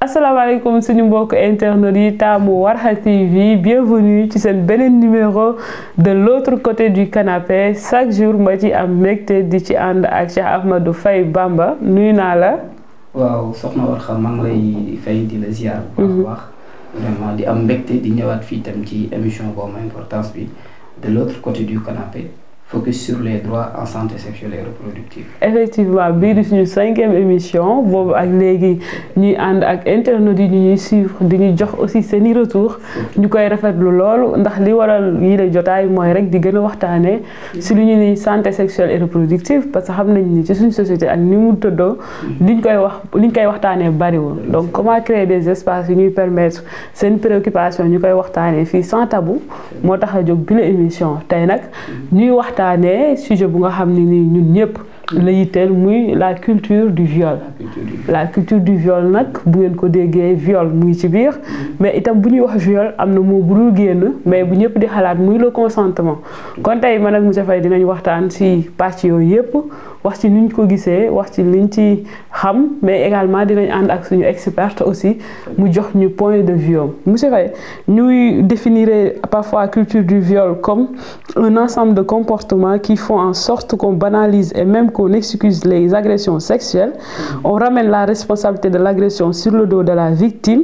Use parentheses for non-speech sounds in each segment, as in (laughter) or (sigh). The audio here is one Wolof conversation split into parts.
asalaamaaleykum suñu mbokk internet yi taamu warha TV bienvenue ci seen beneen numéro de l'autre côté du canapé chaque jour ma ci am mbégte di ci ànd ak Cheikh Ahmadou Faye Bamba nuy naa la. waaw soxna Warkha maa ngi lay fay di la ziar. bu baax mhm. vraiment di am mbégte di ñëwaat fii tam ci émission boobu importance bi de l'autre côté du canapé focus sur les droits en santé sexuelle et reproductive. effectivement bi du suñu cinquième émission boobu ak légui ñuy and ak internautes yi ñuy suivre di ñu jox aussi seen i retour ñukoy koy rafetlu lool ndax li waral yi la jotay moy rek di gën waxtané ci si lu ñu ni santé sexuelle et reproductive parce que xamnañ ni ci suñu société ak ni mu tëddoo mm-hmm. liñ koy wax liñ koy waxtané bari wu. donc comment créer des espaces yu ñuy permettre seen préoccupation ñukoy waxtané fi sans tabou moo tax a bi la émission tay nak mm-hmm. ñuy waxtaan waxtaanee sujet bu nga xam ni ñun ñëpp la yitel muy la culture du viol la culture du viol nak bu ngeen ko déggee viol muy ci biir mm-hmm. mais itam bu ñuy wax viol amna mo moo bu dul génn mais bu ñëpp di xalaat muy le consentement kon tay man ak monsieur fay dinañ waxtaan ci parti yooyu wax ci ko gisee wax ci liñ ci xam mais également dinañ ànd ak suñu experte aussi mu jox ñu point de vue Nous, monsieur Faye ñuy parfois culture du viol comme un ensemble de comportements qui font en sorte qu'on banalise et même qu'on excuse les agressions sexuelles on ramène la responsabilité de l'agression sur le dos de la victime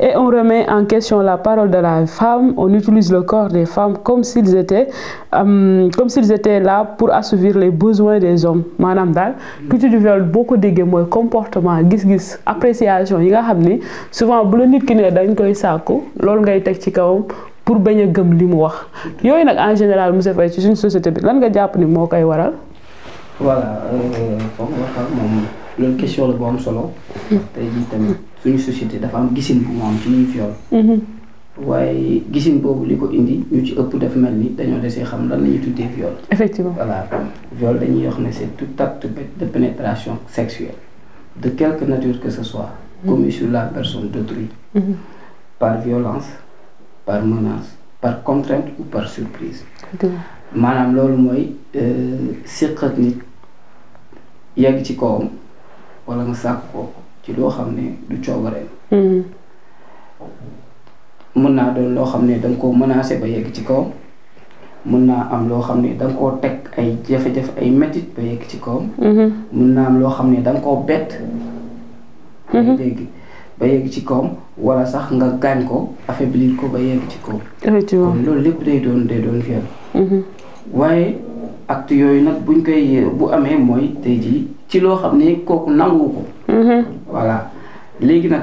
et on remet en question la parole de la femme on utilise le corps des femmes comme s'ils étaient euh, comme s'ils étaient là pour assouvir les besoins des hommes manam dal culture du viol boko ko moy comportement gis-gis appréciation yi nga xam souvent bu le nit ki ne dañ koy sakku lolou ngay tek ci kawam pour baña gëm limu wax yoy nak en général monsieur fay ci suñu société bi lan nga japp ni moo koy waral. voilà foofu nga xam moom question le bu am solo. Hmm. tay jii tamit suñu société dafa am gisin bu mu am ci ñuy hmm waaye gisin boobu li ko indi ñu ci ëpp dafa mel ni dañoo desee xam lan la tuddee viol. effectivement voilà viol dañuy wax ne c'est tout acte de pénétration sexuelle de quelque nature que ce soit. Mm-hmm. commis sur la personne d'autrui. Mm-hmm. par violence par menace par contrainte ou par surprise. maanaam loolu mooy euh, siq ak nit yegg ci kawam wala nga sàkk ko ci loo xam ne du coobareem. Mm-hmm. mën naa doon loo xam ne da nga koo menacé ba yegg ci kaw mun naa am loo xam ne danga koo teg ay jafe-jafe ay métit ba yegg ci kaw mun mhm. naa am loo xam ne danga nga koo bett. Mhm. dégg ba yegg ci kawam wala sax nga gaañ ko affaiblir ko ba yegg ci kaw loolu lépp day doon day doon viol. Mhm. waaye acte yooyu nag buñ koy bu amee mooy te jii ci loo xam ne kooku nangu ko. voilà léegi nag.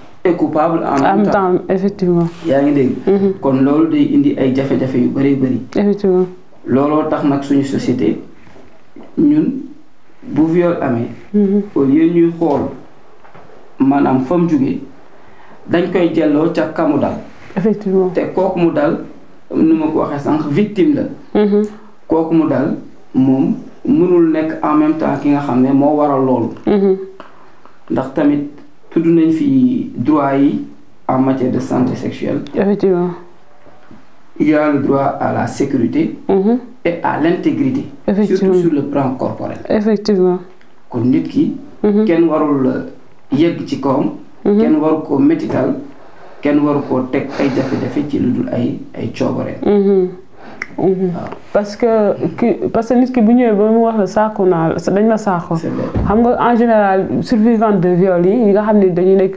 et coupable en même temps effectivement. yaa ngi quand mhm. kon loolu day indi ay jafé jafé yu bari bari. effectivement looloo tax nak suñu société ñun bu viol amé mhm. au lieu ñuy xol manam fam mu dañ koy jelloo ca kamu dal. effectivement Té kooku mu dal numa ko waxé sank victime la. Mhm. kooku mu dal mom mënul nek en même temps ki nga xam ne moo waral loolu. ndax tamit tudd nañ fi droit yi en matière de santé sexuelle. effectivement. il y a le droit à la sécurité. -hmm. et à l'intégrité. surtout sur le plan corporel. effectivement. kon nit ki. Mhm. kenn warul yegg ci kawam. Mhm. kenn waru koo métital kenn waru koo teg ay jafe-jafe ci lu dul ay ay coobare. Mhm parce que ki parce que nit ki bu ñëwee ba mu wax la saako naa dañ ma saako. xam nga en général survivant de viol yi ñi nga xam ne dañu nekk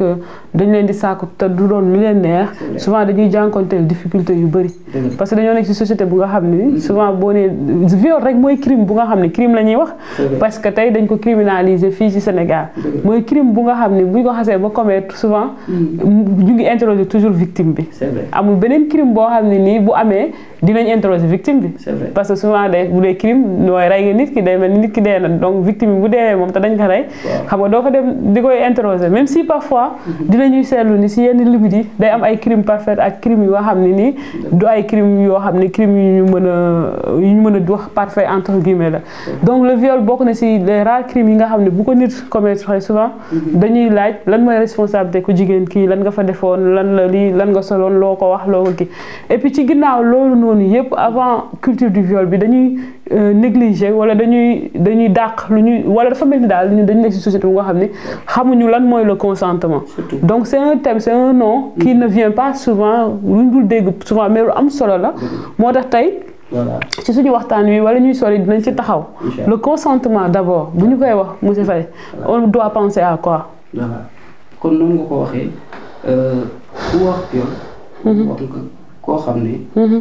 dañ leen di saako te du doon lu leen neex. souvent dañuy jànkonteel difficulté yu bëri. parce que dañoo nekk ci société bu nga xam ni. Mm-hmm. souvent boo nee viol rek mooy crime bu nga xam crime la wax. parce que tey dañ ko criminaliser fii ci Sénégal. mooy crime bu nga xam ne bu ko xasee ba commettre souvent. Mm-hmm. ñu ngi interroger toujours victime bi. amul beneen crime boo xam ni nii amé amee dinañ interroger protéger victime bi. parce que souvent day bu dee crime nooy rey nga nit ki day mel ni nit ki dee na donc victime bi bu deewee moom te dañ ko rey. xam nga doo ko dem di koy interroger même si parfois. Mhm. dinañuy seetlu ni si yenn libid yi day am ay crime parfait ak crime yoo xam ne nii. Mhm. du ay crime yoo xam ne crime yu ñu mën a yu ñu mën a wax parfait entre guillemets la. Mhm. donc le viol bokk na si les rares crimes yi nga xam ne bu ko nit commettre souvent. dañuy laaj lan mooy responsabilité ku jigéen kii lan nga fa defoon lan la lii lan nga soloon loo ko wax loo ko kii et puis ci ginnaaw loolu noonu yëpp avant culture du viol bi dañuy euh, négliger wala dañuy dañuy dàq lu wala dafa mel dal ñu dañu nekk ci société bu nga xam xamuñu lan moy le consentement donc c'est un thème c'est un nom qui mm. ne vient pas souvent luñ dul dégg souvent mais am solo la mm. motax tay voilà ci suñu waxtaan wi wala ñuy sori dinañ ci taxaw le consentement d'abord bu ñu koy wax monsieur Faye on doit penser à quoi voilà kon noonu nga ko waxee euh, ku wax viol mm-hmm. wax nga koo xam ne mm-hmm.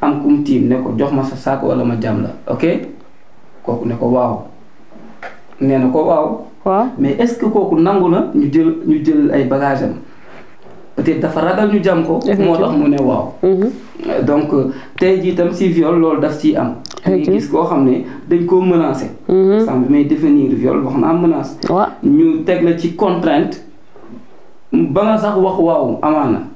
am kum tiim ne ko jox ma sa saako wala ma jam la ok kooku ne ko waaw nee na ko waaw. mais est-ce que kooku nangu na ñu jël ñu jël ay bagages am peut-être dafa ragal ñu jam ko. moo tax mu ne waaw. Mhm. donc tey jii si viol loolu daf ciy am. ñu gis koo xam ne dañ koo menacé. Mhm. sànq bi may définir viol wax naa menace. ñu teg la ci contrainte ba nga sax wax waaw amaana.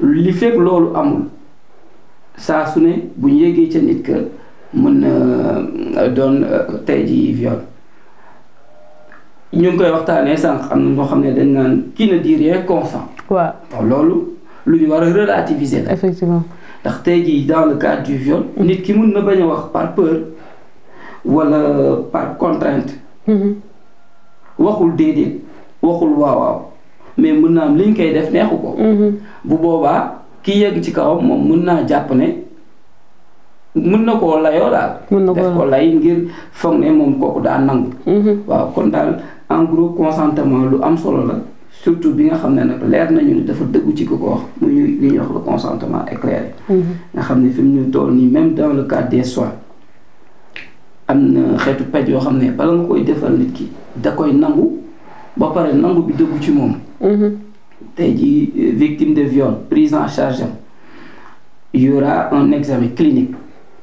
L'effet fekk amul sa suné ne bu des nit mën na euh, euh, viol koy dañ qui ne dit rien consent. relativiser la. effectivement dans le cadre du viol. nit ki mën na baña wax par peur wala euh, par contrainte. Mm-hmm. waxul waxul mais mën naa am li ñu koy def neexu ko. Mhm. bu boobaa ki yegg ci kawam moom mën naa ne. mën na koo layoo def ko lay ne nangu. Mhm. kon en gros consentement lu am solo surtout bi nga xam ne nag nañu ne dafa ci li le consentement éclair. Mhm. nga xam ne même dans le cas des soins ne na pas paj yoo xam ne bala nga defal nit ki da koy nangu ba nangu Mhm. tey jii euh, victime de viol prise en charge Il y aura un examen clinique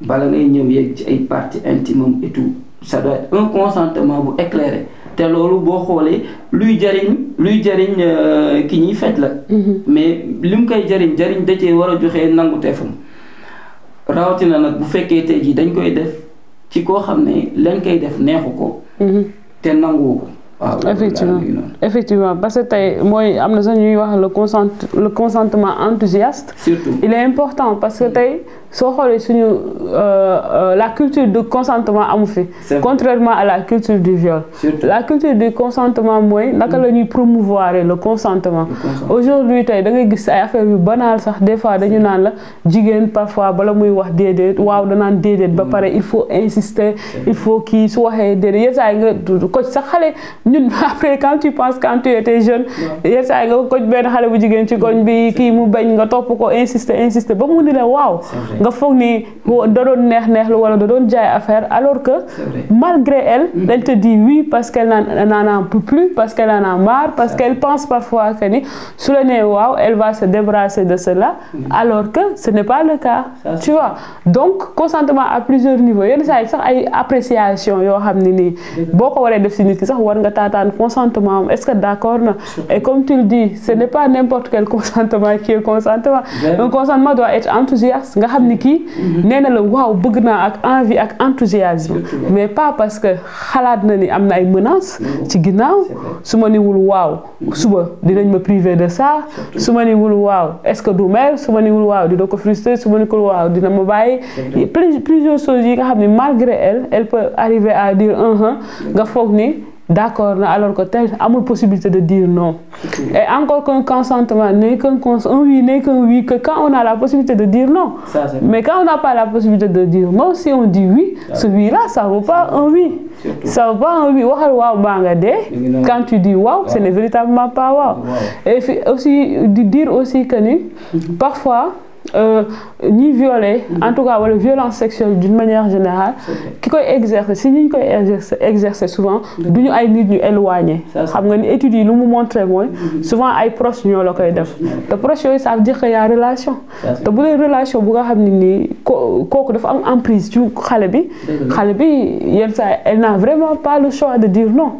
bala ngay ñëw yegg ci ay parties intimes et tout ça doit être un consentement bu éclairé te loolu boo xoolee luy jariñ luy jariñ euh, ki fait la mhm. mais li mu koy jariñ jariñ da cee war a joxe nangu teefam nak bu fekkee tey jii dañ koy def ci ko xamné ne lañ koy def neexu ko mhm. té nangou effectivement effectivement parce que tey mooy le consent le consentement enthousiaste. il est important parce que tey soo suñu euh, euh, la culture de consentement amu fait, contrairement à la culture du viol. la culture du consentement mooy naka la ñuy promouvoir le consentement. aujourd'hui tu da ngay gis ay affaires banal sax des fois dañu naan la jigéen parfois muy wax ba il faut insister il faut qu'il soit aidé déedéet ça, saa yi nga ko sax ñun (laughs) après quand tu penses quand tu étais jeune yenn ça nga koj ben xalé bu jigéen ci gogn bi ki mu bañ nga top ko insister insister ba mu ni la waaw nga foog ni da doon neex neex lu wala da doon jaay affaire alors que malgré elle mm. elle te dit oui parce qu'elle n'en a plus parce qu'elle en a marre parce qu'elle pense parfois que ni su le né waaw elle va se débarrasser de cela mm. alors que ce n'est pas le cas tu vois donc consentement à plusieurs niveaux yenn saa sax ay appréciation yo xamni ni boko waré def ci nit ki sax war nga taataan consentement est-ce que d'accord et comme tu le dis ce n'est pas n'importe quel consentement qui est consentement ben un consentement doit être enthousiaste nga xamni ki kii le mhm. waaw bëgg ak envie ak enthousiasme mais pas parce que xalaat na ni amna ay menaces ci ginnaaw suma ni wul waaw mhm. suba dinañ ma priver de ça suma ni wul waaw est-ce que du mer su ma niwul waaw dina ko frustrer suma ni niwul waaw dina ma bàyyi plusieurs choses yi nga xam ne malgré elle elle peut arriver à dire un uh-huh, nga foog ni d'accord alors que tel une possibilité de dire non. Et encore qu'un consentement n'est qu'un oui n'est qu'un oui que quand on a la possibilité de dire non. Mais quand on n'a pas la possibilité de dire non, si on dit oui, ah. celui-là, ça vaut pas un oui. Ça ne vaut pas un oui. Quand tu dis waouh, ce n'est véritablement pas waouh. Et aussi, dire aussi que mhm. parfois, euh, ni violé, en mm-hmm. tout cas, la violence sexuelle d'une manière générale, qui peut exercer, si nous exerçons souvent, nous sommes nous éloignés. Nous étudions, nous montrons, souvent, les proches nous le Les proches, ça veut dire qu'il y a une relation. Donc, avez une relation, vous savez, qu'on a une emprise du Khalebi, elle n'a vraiment pas le choix de dire non.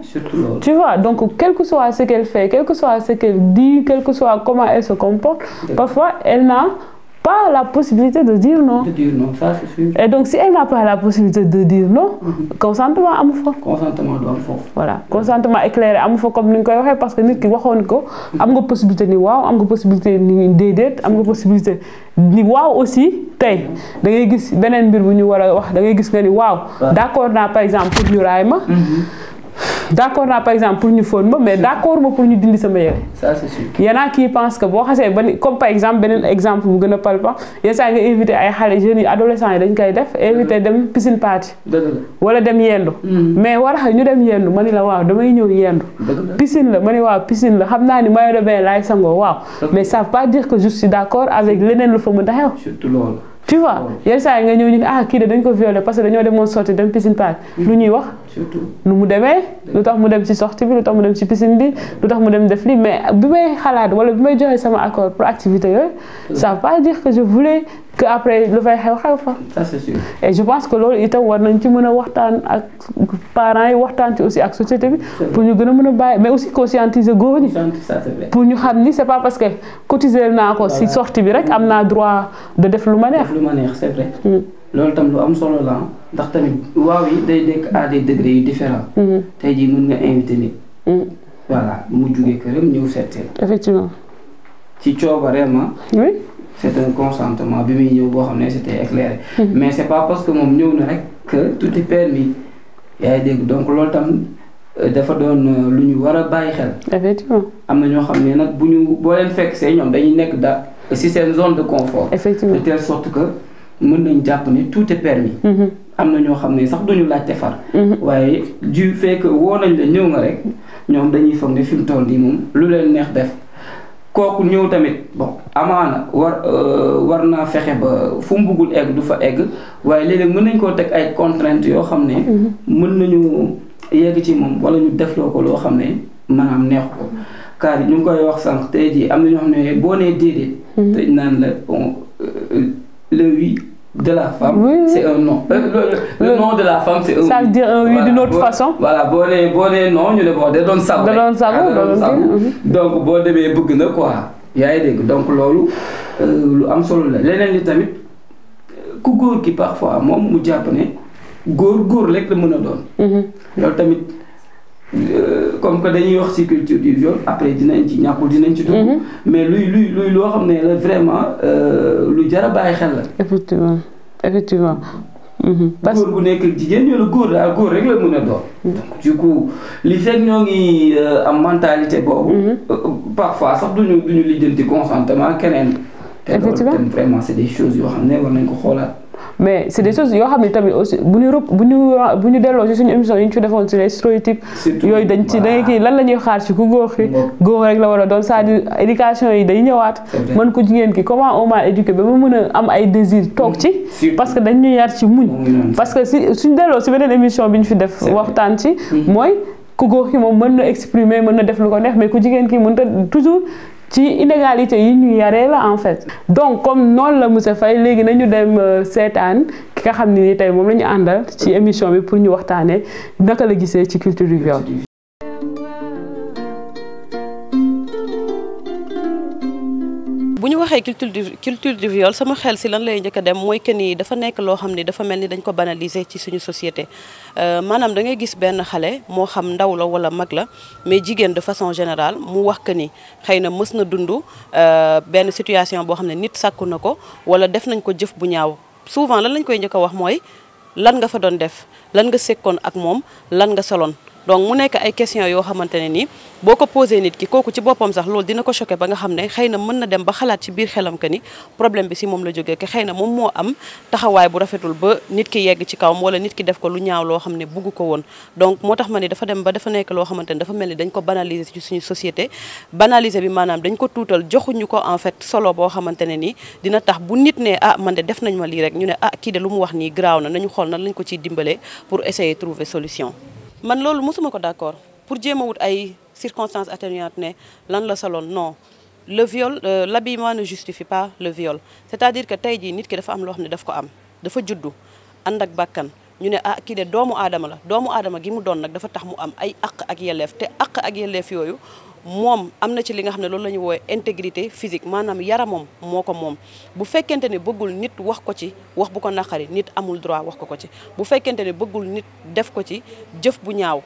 Tu vois, donc, quel que soit ce qu'elle fait, quel que soit ce qu'elle dit, quel que soit comment elle se comporte, parfois, elle n'a pas la possibilité de dire non. ça c'est Et donc si elle n'a pas la possibilité de dire non, mhm. consentement à consentement du voilà consentement éclairé à comme ni nga parce que nous qui waxoon ko. am nga possibilité ni waouh am possibilité ni déedéet am possibilité ni waouh aussi t'es de ngay gis beneen mbir bu ñu a wax da ngay gis ni d'accord n'a par exemple pour ñu d'accord là par exemple pour ñu forme mais d'accord accord pour ñu dindi sama yére. ça c'est sûr sûr. y en a qui pensent que bon c'est bon comme par exemple beneen exemple bu gën il y a ça nga invité ay xale jeunes adolescents yi dañ koy def invité dem piscine party. wala dem yendu. Hmm. mais voilà a ñu dem yendu mani la waaw damay ñëw yendu. piscine la mani ni waaw piscine la xam ni maillot de bain laay sangoo waaw. mais ça veut pas dire que je suis d'accord avec les lu fa mën surtout tu vois il y a nga gens ñu ah qui dañ ko parce que dañu sorti dem piscine park mm-hmm. lu ñuy wax nu mu nous lu mu dem ci sortie bi piscine bi lu mu dem def mais bi may xalaat wala bi may joxe sama accord activité ça va pas dire que je voulais que après le fait xew ça c'est sûr. et je pense que loolu itam war nañ ci mën a ak parents yi ci aussi ak société bi. pour ñu gën mais aussi conscientiser góor ñi. pour ñu ramener, c'est pas parce que cotiser n'a pas, si sortie bi rek am droit de def lu neex. lu neex c'est vrai. Hmm. loolu itam lu am solo la ndax tamit waaw yi day à des degrés différents. Hmm. T'as jii mën nga invité nit. Hmm. voilà mu jugee këram ñëw seet effectivement. ci coobareem ah. oui c'est un consentement bi muy ñëw boo xam ne c'était éclairé mhm. mais c'est pas parce que moom ñëw na rek que tout est permis yaa ngi dégg donc loolu tam euh, dafa doon euh, lu ñu war a bàyyi xel effectivement am na ñoo xam ne nag bu ñu boo leen fekk see ñoom dañuy nekk da si seen zone de confort effectivement de telle sorte que mën nañ jàpp ne tout est permis mhm. am na ñoo xam ne sax duñu laajte far mhm. waaye du fait que woo nañ la ñëw nga rek ñoom dañuy foog ne fi mu toll nii moom lu leen neex def kooku ñëw tamit bon amaana war euh, war naa fexe ba fu mu egg du fa egg waaye léeg mën nañ koo teg ay contraintes yoo xam ne mhm. mën nañu yegg ci moom wala ñu defloo ko loo xam ne am neexu ko kaar yi ñu ngi koy wax sànq tey jii am na ñoo xam ne boo nee déedéet te mhm. naan la bon euh, le de la femme, c'est un nom. Euh, le, nom de la femme, c'est un Ça veut dire un oui voilà, d'une autre façon. Voilà, bon bon, bon les non nous le bon, des ça savons. ça Donc, bon mais bébés de quoi. y donc l'eau, euh, lu am solo l'eau, parfois mom mu rek euh, comme que dañuy wax ci culture du viol après dinañ ci ñakul dinañ ci dugg. Mhm. mais luy luy luy lo xamné ne la vraiment euh, lu jar a bàyyi xel la. effectivement effectivement. Mhm. parce que góor gu nekk jigéen ñoo la góor daal góor rek la mhm. donc du coup li fekk ñoo ngi euh, am mentalité boobu. parfois sax duñu duñu lijjanti consentement keneen. effectivement vraiment c'est des choses yoo xam ne war nañ ko mais c'est des choses yo xamni tamit aussi buñu buñu buñu bu ci suñu émission yi ñu ci defoon ci les stéréotypes yoy dañ ci danga kii lan lañuy xaar ci ku góor ki góor rek la wara a doon c'est-à-dire éducation yi day ñëwaat man ko jigéen ki comment on m'a éduqué ba ma mëna am ay désir tok ci parce que dañ ñu yar ci muñ parce que si suñu delloo ci beneen émission bi fi def waxtaan ci moy mm-hmm. ku góor ki moom mën exprimer mëna def lu ko neex mais ku jigéen ki mën toujours ci inégalité yi ñu yaree la en fait donc comme noonu la monsieur Faye léegi nañu dem euh, seetaan ki nga xam ne ni tey moom la ñu àndal ci émission bi pour ñu waxtaanee naka la gisee ci culture du viol bu ñu waxee culture du culture du viol sama xel si lan lay njëkk a dem mooy que ni dafa nekk loo xam ni dafa mel ni dañ ko banaliser ci suñu société euh, maanaam dangay gis benn xale moo xam ndaw la wala mag la mais jigéen de façon générale mu wax que ni xëy na mës na dund euh, benn situation boo xam ne nit sàkku na ko wala def nañ ko jëf bu ñaaw souvent lan lañ koy njëkk a wax mooy lan nga fa doon def lan nga sekkoon ak moom lan nga soloon donc mu nekk ay question yoo xamante ne nii boo ko posé nit ki kooku ci boppam sax loolu dina ko choqué ba nga xam ne xëy na mën na dem ba xalaat ci biir xelam que ni problème bi si moom la jógee que xëy na moom moo am taxawaay bu rafetul ba nit ki yegg ci kawam wala nit ki def ko lu ñaaw loo xam ne bugg ko woon donc moo tax ma ni dafa dem ba dafa nekk loo xamante ne dafa mel ni dañ ko banaliser ci suñu société banaliser bi maanaam dañ ko tuutal joxuñu ko en fait solo boo xamante ne nii dina tax bu nit ne ah man de def nañ ma lii rek ah kii de lu mu wax nii graaw na nañu xol na lañ ko ciy dimbale pour essayer trouver solution man loolu ko d'accord pour dire que wut circonstances atténuantes ne lan la non le viol euh, l'habillement ne justifie pas le viol c'est-à-dire que tey jii nit ki dafa am loo xam ne daf ko am dafa juddu ànd ak bàkkan ñu ne ah kii de doomu aadama la doomu aadama gi mu doon nag dafa tax mu am ay àq ak yelleef te ak moom am na ci li nga xam ne loolu la ñu woowee intégrité physique maanaam moom moo ko moom bu fekkente ne bëggul nit wax ko ci wax bu ko naqari nit amul droit wax ko ko ci bu fekkente ne bëggul nit def ko ci jëf bu ñaaw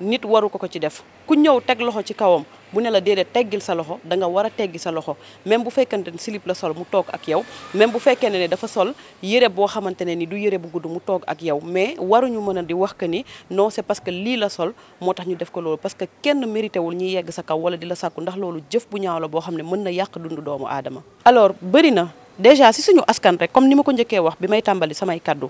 nit waru ko ko ci def ku ñëw teg loxo ci kawam bu ne la déedéet teggil sa loxo danga war a teggi sa loxo même bu fekkente ne slip la sol mu toog ak yow même bu fekkee ne dafa sol yére boo xamante ne ni du yére bu gudd mu toog ak yow mais waruñu mën a di wax que ni non c'est parce que lii la sol moo tax ñu def ko loolu parce que kenn mérité wul ñuy yegg sa kaw wala di la sàkku ndax loolu jëf bu ñaaw boo xam ne mën na yàq dundu doomu aadama alors bëri na déjà si suñu askan rek comme ni ma ko njëkkee wax bi may tàmbali samay kaddu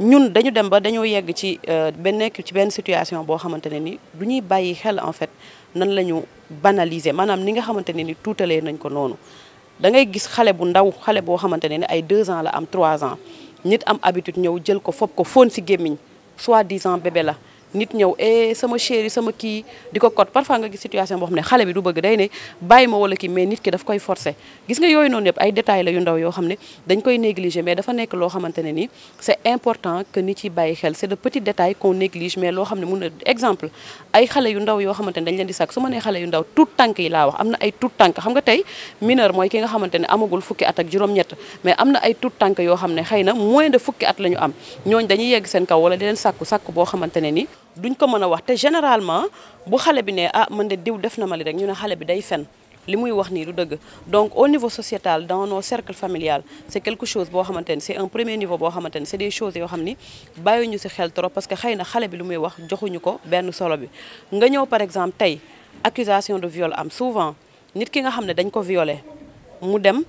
ñun dañu dem ba dañoo yegg ci euh, ba nekk ci benn situation boo xamante ne ni du ñuy bàyyi xel en fait nan la ñu banaliser maanaam ni nga xamante ne ni tuutalee nañ ko noonu da ngay gis xale bu ndaw xale boo xamante ne ni ay 2 ans la am trois ans nit am habitude ñëw jël ko fob ko foon si gémmiñ soi-disant bébé la nit ñëw e sama chéri sama kii di ko kot parfois nga gis situation boo xam ne xale bi du bëgg day ne bàyyi ma wala ki mais nit ki daf koy forcer gis nga yooyu noonu yëpp ay détails la yu ndaw yoo xam ne dañ koy négliger mais dafa nekk loo xamante ne ni c'est important que nit yi xel c'est de petits détails qu'on loo xam ne mun na exemple ay yu ndaw yoo xamante ne dañ leen di sàkk su ma nee xale yu ndaw tout tànk yi laa wax am na ay tout tànk xam nga tey mineur mooy ki nga xamante ne amagul fukki at ak juróom-ñett mais am ay tout tànk yoo xam ne xëy na moins de fukki at la ñu am ñooñ dañuy yegg seen kaw wala di leen sàkku boo xamante ne ni duñ ko mëna wax té généralement bu bi ne ah man de def na rek bi day donc au niveau sociétal dans nos cercles familial c'est quelque chose c'est un premier niveau c'est des choses yo xamni parce que xeyna xalé bi limuy ko solo bi par exemple accusation de viol am souvent nit ki nga dañ ko mu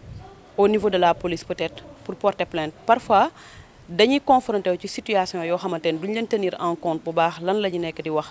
au niveau de la police peut-être pour porter plainte parfois dañuy confronté wu ci situation yoo xamante ne duñ leen en compte bu baax lan la ñu nekk di wax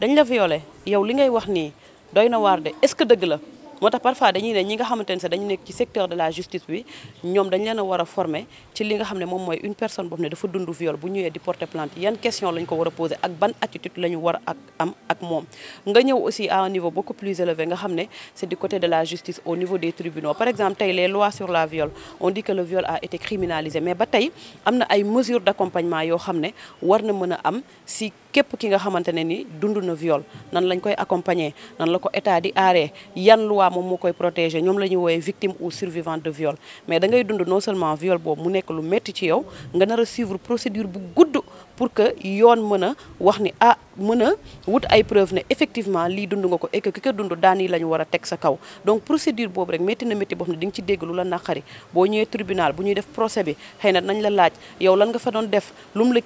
dañ la violé yow li ngay wax nii doy na waar de est-ce que dëgg la moo parfois dañuy né ñi nga dañu ci secteur de la justice bi ñom dañ leen a war former ci li nga xamné mom moy une personne boobu ne dafa dund viol bu ñëwee di porter plainte il question lañ ko wara a poser ak ban attitude la wara ak am ak mom nga ñëw aussi à un niveau beaucoup plus élevé nga xamné c'est du côté de la justice au niveau des tribunaux par exemple tay les lois sur la viol on dit que le viol a été criminalisé mais ba tay amna ay mesures d'accompagnement yo xamné ne war na mën am si képp ki nga xamante ne ni dund na viol nan lañ koy accompagner nan la ko état di aaree yan luwaa moom moo koy protéger ñoom la ñuy woowee victime ou survivante de viol mais da ngay dund non seulement viol boobu mu nekk lu métti ci yow nga nar a suivre procédure bu gudd pour que yoon mën wax ni ah mën a wut ay preuve ne effectivement li dund nga ko et que ki dund dani lañu wara tek sa kaw donc procédure boobu rek metti na metti boo xam ne di nga ci dégg lu la naxari bo ñëwé tribunal bu ñuy def procès bi xëy na nañ la laaj yow lan nga fa doon def lum la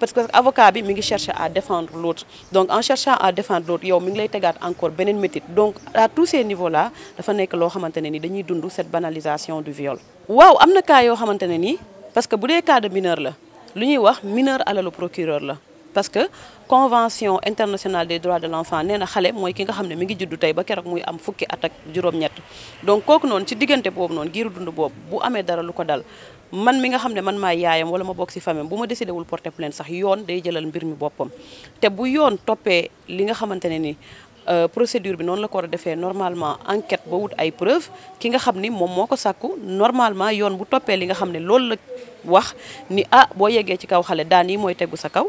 parce que avocat bi mi ngi chercher à défendre l'autre donc en cherchant à défendre l'autre yow mi ngi lay tégaat encore benen metti donc à tous ces niveaux là dafa nek lo xamantene ni dañuy dund cette banalisation du viol waaw amna na cas yoo ni parce que bu dee cas de mineur la lu ñuy wax mineur alalu procureur la parce que convention internationale des droits de l'enfant nee na xale mooy ki nga xam ne mi ngi juddu tey ba keroog muy am fukki at ak juróom-ñett donc kooku non, ci diggante boobu noonu giiru dund boobu bu amee dara lu ko dal man mi nga xam ne man maa yaayam wala ma bokk ci famille bu ma décidé wul porter plainte sax yoon day jëlal mbir mi boppam te bu yoon topé, li nga xamante ne ni Euh, procédure bi noonu la ko war a defee normalement enquête ba wut ay preuve ki nga xam ni moom moo ko sàkku normalement yoon bu toppee li nga xam ne loolu la wax ni ah boo yeggee ci kaw xale daan yi mooy tegu sa kaw.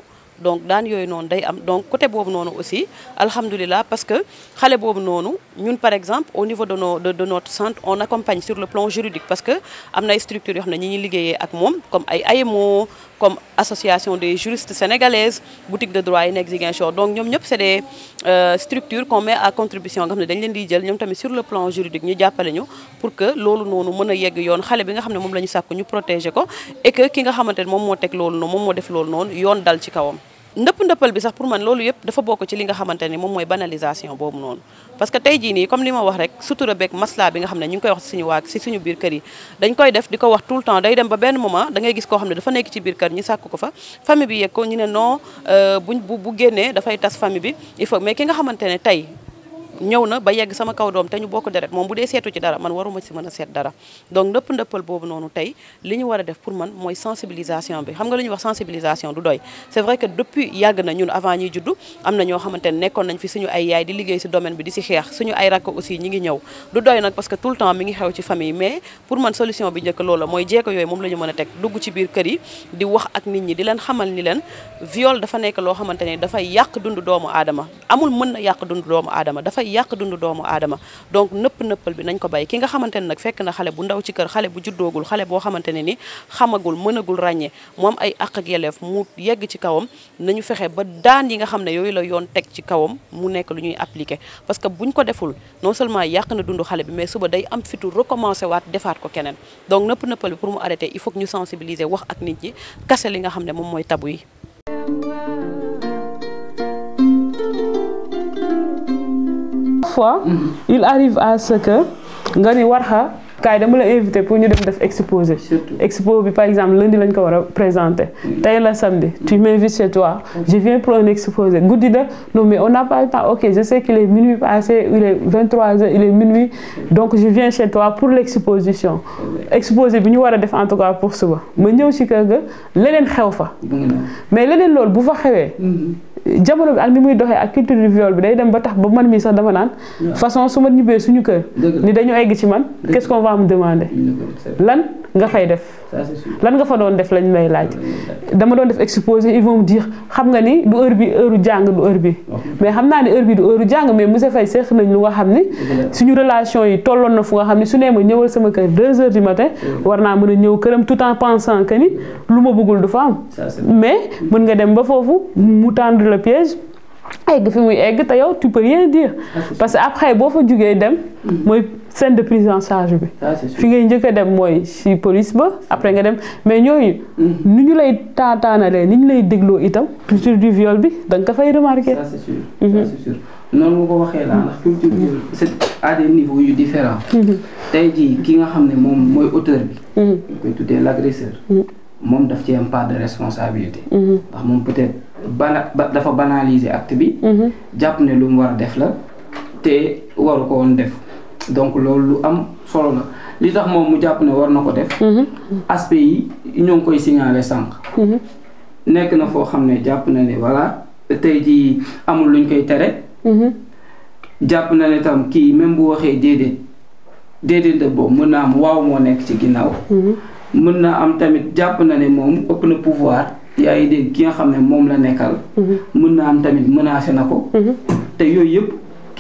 donc daan yooyu noonu day am donc côté boobu noonu aussi alhamdulilah parce que xale boobu noonu ñun par exemple au niveau de nos de notre centre on accompagne sur le plan juridique parce que am na ay structures yoo xam ne ñi ñuy liggéeyee ak comme ay AMO comme association des juristes sénégalaises boutique de droit et donc ñoom ñëpp c'est des euh, structures qu'on met à contribution nga xam ne dañ leen di jël ñoom tamit sur le plan juridique ñu jàppale ñu pour que loolu noonu mën a yegg yoon xale bi nga xam ne moom la ñu protéger ko et que ki nga xamante ne moom moo teg loolu noonu moom moo def loolu noonu yoon dal ci kawam ndëpp ndëppal bi sax pour man loolu yëpp dafa bokk ci li nga xamante ni moom mooy banalisation boobu noonu parce que tey jii nii comme li ma wax rek sutura beeg masla bi nga xam ne ñu koy wax si si suñu biir kër yi dañ koy def di ko wax tout le temps day dem ba benn moment da ngay gis koo xam ne dafa nekk ci biir kër ñu sàkk ko fa famille bi yegg ko ne non euh, buñ bu bu génnee dafay tas famille bi il faut mais ki nga xamante ne tey ñëw na ba yegg sama kaw doom te ñu bokk deret moom bu dee seetu ci dara man waruma si mën a seet dara donc ndëpp ndëppal boobu noonu tey li ñu war a def pour man mooy sensibilisation bi xam nga lu ñuy wax sensibilisation du doy c'est vrai que depuis yàgg na ñun avant ñuy juddu am na ñoo xamante ne nekkoon nañ fi suñu ay yaay di liggéey si domaine bi di si xeex suñu ay rakk aussi ñi ngi ñëw du doy nag parce que tout le temps mi ngi xew ci famille mais pour man solution bi njëkk loola mooy jéego a teg dugg leen xamal ni leen viol dafa nekk loo xamante ne dafay yàq dund doomu aadama amul mën yàq dund doomu aadama dafay yàq dundu doomu aadama donc nëpp nëppal bi nañ ko bàyyi ki nga xamante ne nag fekk na xale bu ndaw ci kër xale bu juddoogul xale boo xamante ne ni xamagul mënagul ràññee moom ay àq ak yelleef mu yegg ci kawam nañu fexe ba daan yi nga xam ne yooyu la yoon teg ci kawam mu nekk lu ñuy appliqué parce que buñ ko deful non seulement yàq na dundu xale bi mais suba day am fitu recommencé waat defaat ko keneen donc nëpp nëppal bi pour mu arrêter il faut ñu sensibiliser wax ak nit ñi kase li nga xam ne moom mooy tabu yi parfois mhm. il arrive à ce que nga ni Warkha kaay la invité pour ñu def expo par exemple lundi lañ ko présenté mhm. la samedi mhm. tu m'invites chez toi je viens pour un exposé guddi da non mais on n'a pas le temps ok je sais qu'il est minuit passé il est 23 h il est minuit donc je viens chez toi pour l'exposition exposé bi ñu war def en tout cas pour suba Mais nous ci kër ga leneen xew mais ils loolu bu fa jamono bi an ni muy doxee a culture du viol bi day dem ba tax ba man mii sax dama naan façon suma ma ñibbee suñu kër ni dañu egg ci man qu'est-ce qu'on demande lan nga fay def lan nga fa doon def lañu may laaj dama doon def exposé ils vont me dire xam nga ni du heure bi heure jàng du heure bi mais xam naa ni heure bi du heure jàng mais monsieur Faye seex nañ lu nga xam ni ñu relation yi tolloon na fu nga xam ni su ne ma ñëwal sama kër deux heures du matin mm. war naa mën a ñëw këram tout en pensant que ni lu ma buggul du fa am mais mën nga dem ba foofu mu tendre le piège egg fi muy egg te yow tu peux rien dire parce que après boo fa jugee dem mm. scène de prison charge Si ah, fi ngay njëkk police après nga mais nous mm-hmm. nous ñu lay culture du viol bi da nga ça c'est sûr mm-hmm. ça c'est sûr culture du viol c'est à des niveaux différents mm-hmm. tey jii ki nga auteur l'agresseur mon d'a de responsabilité ndax mon peut-être banaliser acte bi le lu war la donc loolu lu am solo la li tax moom mu jàpp ne war na ko def. Mhm. aspe yi ñoo ngi koy signaler sànq. Mhm. nekk na foo xam ne jàpp na ne voilà tey jii amul luñ koy tere. Mhm. jàpp na ne tam kii même bu waxee déedéet déedéet de boobu mën naa am waaw moo nekk ci ginnaaw. mën na am tamit jàpp na ne moom ëpp na pouvoir yaa ngi ki nga xam ne moom la nekkal. mën naa am tamit menacé na ko. te yooyu yëpp.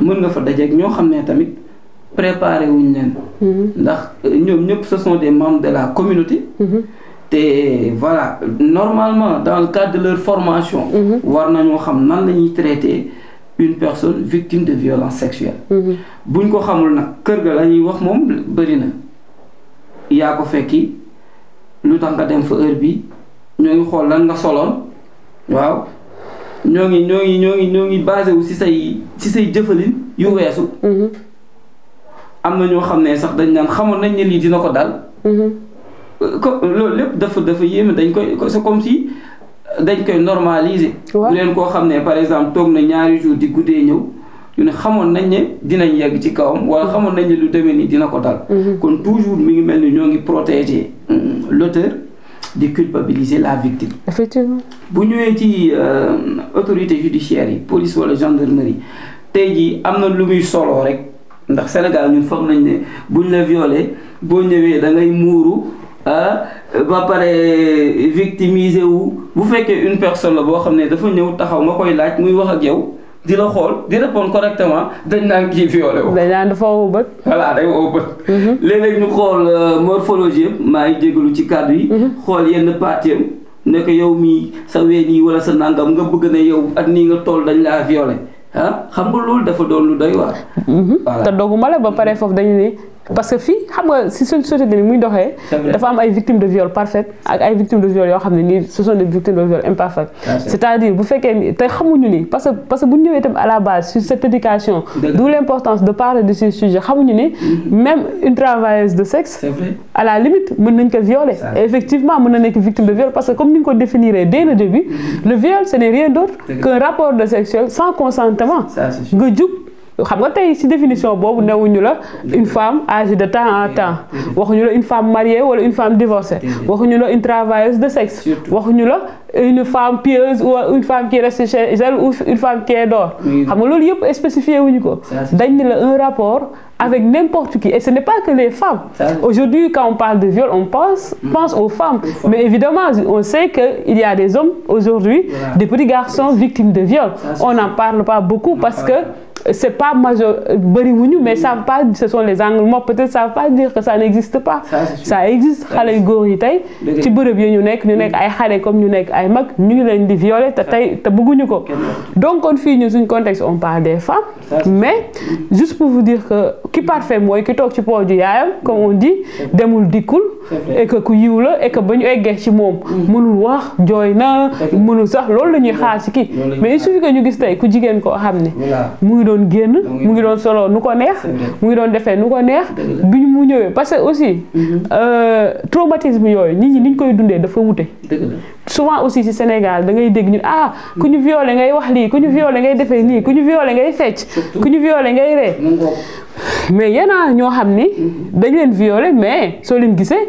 mën nga fa dajeeg ñoo xam ne tamit préparé wuñ leen. Mhm. ndax euh, ñoom ñëpp ce sont des membres de la communauté. Mhm. te voilà normalement dans le cadre de leur formation. Mhm. war nañu xam nan la ñuy une personne victime de violence sexuelle. buñ ko xamul nag kër ga la ñuy wax moom bëri na yaa ko fekki lu tax nga dem fa heure bi ñoo ngi xool lan nga soloon waaw. ñoo ngi ñoo ngi ñoo ngi ñoo ngi basé wu si say si say jëfalin yu weesu. Mm-hmm. am na ñoo xam ne sax dañ naan xamoon nañ ni lii dina ko dal. Mm-hmm. loolu lépp dafa dafa yéeme dañ koy comme si dañ koy normaliser. bu leen koo xam ne par exemple toog na ñaari jour di guddee ñëw yu ne xamoon nañ ne dinañ yegg ci kawam wala mm-hmm. xamoon nañ ne lu demee nii dina ko dal. kon toujours mi ngi mel ni ñoo ngi protéger mm, l'auteur de culpabiliser la victime. effectivement bu ñëwee ci euh, autorité judiciaire police gendarmerie nous avons ndax Sénégal ñun nañ né buñ la violé da ngay ah, ba victimiser wu bu une personne la dit dafa ñëw taxaw nga koy laaj muy wax di la xool di répondre correctement dañ naan kii violé wu. dañ naan dafa wow bët. voilà day wow bët. Mhm. léeg-léeg ñu xool euh, morphologie maa ngi jégalu ci kàddu yi. Mhm. xool yenn partie ne ko yow mii sa ween yi wala sa nangam nga bëgg ne yow ak nii nga tool dañ laa violé ah xam nga loolu dafa doon lu doy waar. Mhm. te doguma la ba pare foofu dañu ne. parce que fi, xam nga si suñ société ni muy doxee dafa am ay victimes de viol parfait, ak ay victimes de viol yoo xam ce sont des victimes de viol imparfaites ah, c'est-à-dire bu fekkee ni te parce que parce que bu à la base sur cette éducation d'où l'importance de parler de ce sujet. xamuñu ni mm-hmm. même une travailleuse de sexe à la limite mën nañ ko violer effectivement mën na victime de viol parce que comme nous le ko dès le début mm-hmm. le viol ce n'est rien d'autre qu'un rapport de sexuel sans consentement nga xam nga a ci définition une femme âgée de temps en temps une femme mariée ou une femme divorcée une travailleuse de sexe une femme pieuse ou une femme qui reste chez elle ou une femme qui est Il xam nga spécifié un rapport avec n'importe qui et ce n'est pas que les femmes aujourd'hui quand on parle de viol on pense mm. pense aux femmes mais évidemment on sait qu'il y a des hommes aujourd'hui des petits garçons victimes de viol on n'en parle pas beaucoup parce que c'est pas majeur, mais ça pas, ce sont les angles moi Peut-être ça ne pas dire que ça n'existe pas. Ça, ça existe. xale yu góor ci bërëb yi ñu nekk ñu nek ay xalé comme ñu nek ay mag ñu ngi leen di violer tay te bëgguñu ko. donc kon fii ñu suñ contexte on parle des femmes. mais juste pour vous dire que qui mm. parfait mooy qui tok ci pooju yaayam comme on dit demul dikul et que ku yiw et que bañu ñu ci mom mm. mënul wax jooy na mënul sax loolu lañuy xaar ci ki mais il suffit que ñu gis tay ku jigen ko xamné doon génn mu ngi doon solo nu ko neex mu ngi doon defee nu ko neex bi ñu mu ñëwee parce que aussi mm-hmm. euh, traumatisme yooyu nit ñi ni ñu koy dundee dafa wute souvent aussi ci Sénégal da ngay dégg ñu ah mm. ku ñu violé ngay wax lii ku ñu violé ngay defee nii ku ñu violé ngay fecc ku ñu violé ngay ree mais yéen ñoo xam ni mm-hmm. dañ leen violé mais soo leen gisee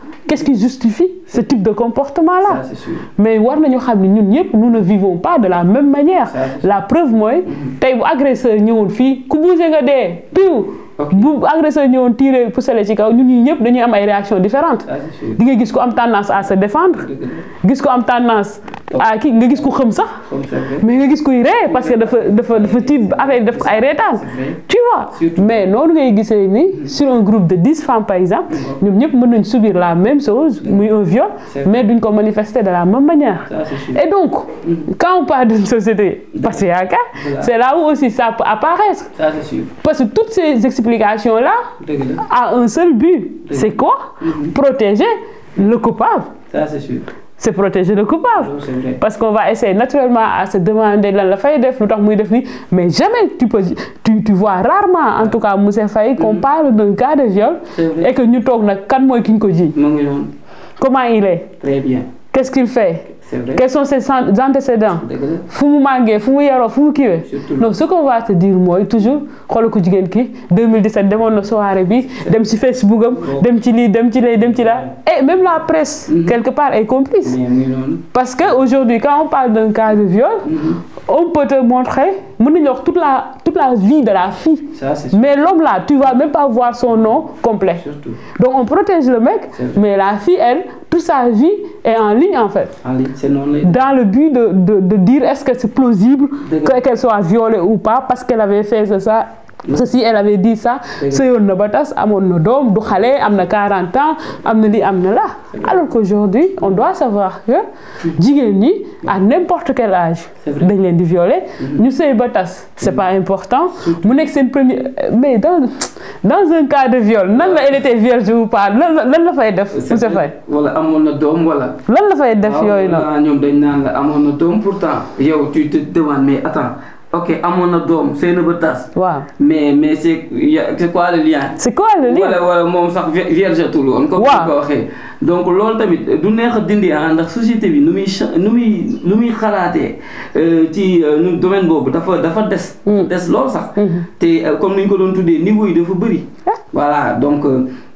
qu'est-ce qui justifie ce type de comportement-là mais war nous ne vivons pas de la même manière la preuve moi, mm-hmm. tay bu agresseur une fille, ku bougé nga bu agresseur ont tiré pour se ci kaw ñun ñii ñëpp dañuy am ay réactions différentes ah, di nga gis ko am tendance à se défendre gis ko am tendance à se nga gis ko xëm sax mais nga gis se ree parce que dafa dafa dafa tiit affaire ay tu vois mais nous ngay gisee ni sur un groupe de 10 femmes par exemple ñoom ñëpp mën subir la même chose muy un viol mais duñ ko manifester de la même manière et donc mm. quand on parle d'une société cas c'est là où aussi ça peut apparaître parce que toutes ces là a un seul but. C'est quoi mm-hmm. Protéger le coupable. Ça, c'est sûr. C'est protéger le coupable. Parce qu'on va essayer naturellement à se demander la mais jamais tu peux tu, tu vois rarement en tout cas Moussa Faye qu'on mm-hmm. parle d'un cas de viol et que nous tournons 4 mois qu'il Comment il est Très bien. Qu'est-ce qu'il fait quels sont ses antécédents Fumumangue, mangé, foumou yaro, non ce qu'on va te dire moi, toujours coup ko gueule 2017 soirée bi dem Facebook dem ci dem ci dem et même la presse mm-hmm. quelque part est complice parce que aujourd'hui quand on parle d'un cas de viol mm-hmm. on peut te montrer on ignore toute la toute la vie de la fille mais l'homme là tu vas même pas voir son nom complet donc on protège le mec mais la fille elle toute sa vie est en ligne en fait. Dans le but de, de dire est-ce que c'est plausible qu'elle soit violée ou pas parce qu'elle avait fait ça si elle avait dit ça sëyoon na ba tas amoon na du xale amna 40 ans amna li amna na la alors qu'aujourd'hui on doit savoir que jigéen ñi à n'importe quel âge dañ leen di violer mm-hmm. ñu sëy ba c'est pas mm-hmm. important mu nekk seen premier mais dans dans un cas de viol nan la elle était vierge je vous parle. lan la fay def monsieur Faye wala amon na doom wala lan la fay def ah, yooyu noonu ñoom dañ naan la amoon na doom pourtant yow tu te demandes mais attends ok à mon c'est c'est une tas. mais mais c'est quoi le lien. C'est quoi le lien Voilà, voilà mon vierge à donc l'autre tamit du dindi société nous sommes dans le domaine, domaine nous dafa des. Mm. Mm-hmm. Euh, comme nous niveau eh? voilà donc. Euh,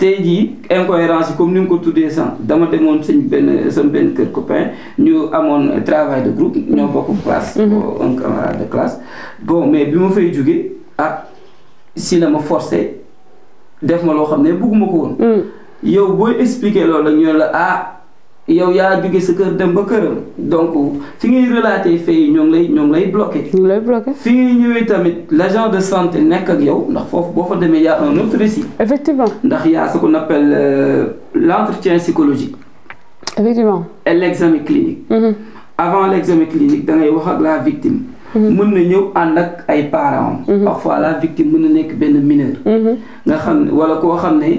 T'es dit, incohérence comme nous nous tous des c'est ben ben copain. Nous avons un travail de groupe. Nous avons beaucoup de place pour un camarade de classe. Bon, mais puis mon fait juger. Ah, si la me force, dès que malheureusement beaucoup me mm. connaît. Il y a beaucoup expliquer leur langue. Ah yow yaa jóge sa kër dem ba këram donc fi ngay relater fay ñoo ngi lay ñoo ngi lay bloqué. ñoo lay bloqué fi ngay ñëwee tamit l' agent de santé nekk ak yow ndax foofu boo fa demee y' un autre récit. effectivement ndax y' a ce qu'on appelle euh, l' entretien psychologique. effectivement et l' examen clinique. Mm-hmm. avant l' examen clinique da ngay wax ak la victime. Mm-hmm. mën na ñëw ànd ak ay parents. Mm-hmm. parfois la victime mën na nekk benn mineur. nga xam ne wala koo xam ne.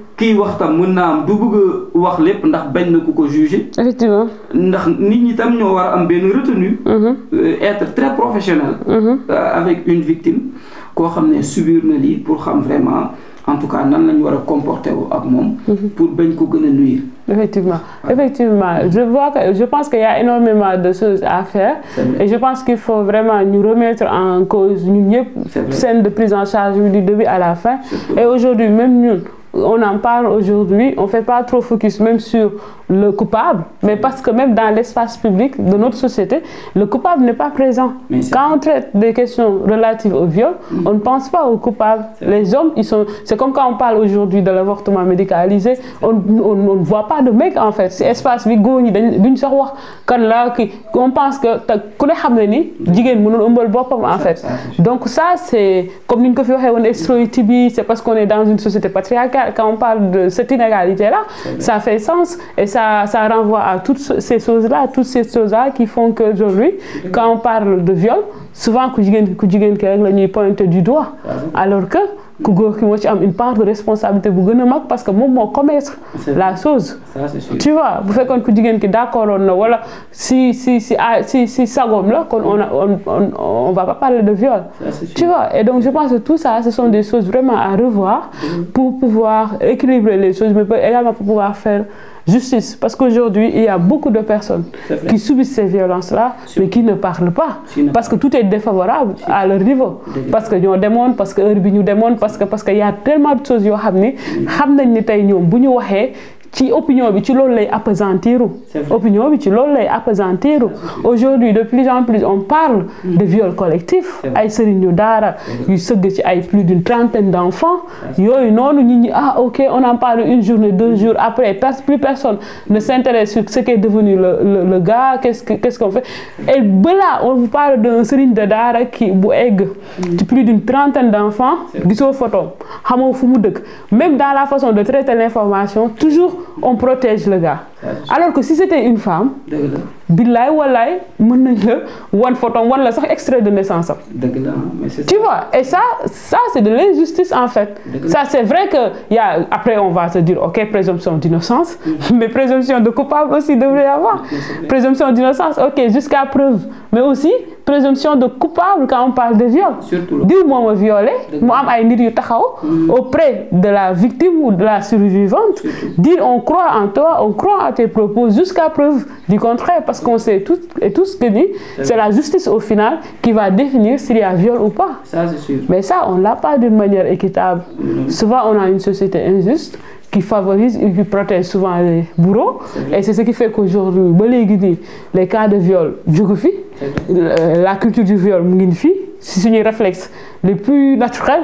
kiy du bëgg a wax lépp ndax bañ na ko jugé. effectivement ndax nit ñi tam ñoo am retenue. Mhm. Euh, être très professionnel. Mhm. Euh, avec une victime koo xam subir na lii pour xam vraiment. en tout cas nan lañu war a comporter wu ak mhm. pour bañ ko gën effectivement effectivement je vois que je pense qu'il y a énormément de choses à faire. et je pense qu'il faut vraiment nous remettre en cause ñun ñëpp. scène de prise en charge du début à la fin. et aujourd'hui même nous, on en parle aujourd'hui, on ne fait pas trop focus même sur le coupable, mais parce que même dans l'espace public de notre société, le coupable n'est pas présent. Quand on traite des questions relatives au viol, mm. on ne pense pas au coupable. Les hommes, ils sont. C'est comme quand on parle aujourd'hui de l'avortement médicalisé, on, ne voit pas de mec en fait. C'est espace on pense que en fait. donc ça c'est comme une ko fi c'est parce qu'on est dans une société patriarcale quand on parle de cette inégalité là ça fait sens et ça ça, renvoie à toutes ces choses-là, toutes ces choses-là qui font qu'aujourd'hui, quand on parle de viol, souvent, on jigéen du doigt alors que ku góor une part de responsabilité bu parce que moi, moo commettre la chose tu vois vous faites ku jigéen d'accord si si si ah, si on on on va pas parler de viol tu vois et donc je pense que tout ça ce sont des choses vraiment à revoir mm-hmm. pour pouvoir équilibrer les choses mais également pour pouvoir faire justice. Parce qu'aujourd'hui, il y a beaucoup de personnes qui subissent ces violences-là, mais qui ne parlent pas. Parce que tout est défavorable à leur niveau. Parce que nous demandons, parce que nous parce que parce qu'il y a tellement de choses qui nous ci opinion bi ci lolou lay l'opinion opinion bi ci lolou lay aujourd'hui de plus en plus on parle mm. de viol collectif ay serigne dara yu seug ci ay plus d'une trentaine d'enfants yoy nonou ah ok on en parle une journée deux jours après plus personne ne s'intéresse sur ce qu'est devenu le, le, le gars qu'est-ce qu'on fait et là on vous parle d'un serigne de qui qui bu egg mm. plus d'une trentaine d'enfants du photo même dans la façon de traiter l'information toujours on protège le gars alors que si c'était une femme. photo extrait de naissance tu vois et ça ça c'est de l'injustice en fait. ça c'est vrai que y a après on va se dire ok présomption d'innocence. (laughs) mais présomption de coupable aussi devrait y avoir. présomption d'innocence ok jusqu'à preuve mais aussi présomption de coupable quand on parle de viol. dis moi me violer violé mm. auprès de la victime ou de la survivante. dire on croit en toi on croit tes propos jusqu'à preuve du contraire, parce qu'on sait tout, et tout ce que dit, eh c'est la justice au final qui va définir s'il y a viol ou pas. Mais ça, on ne l'a pas d'une manière équitable. Souvent, on a une société injuste qui favorise et qui protège souvent les bourreaux. Et c'est ce qui fait qu'aujourd'hui, les cas de viol, la culture du viol, c'est un réflexe le plus naturel.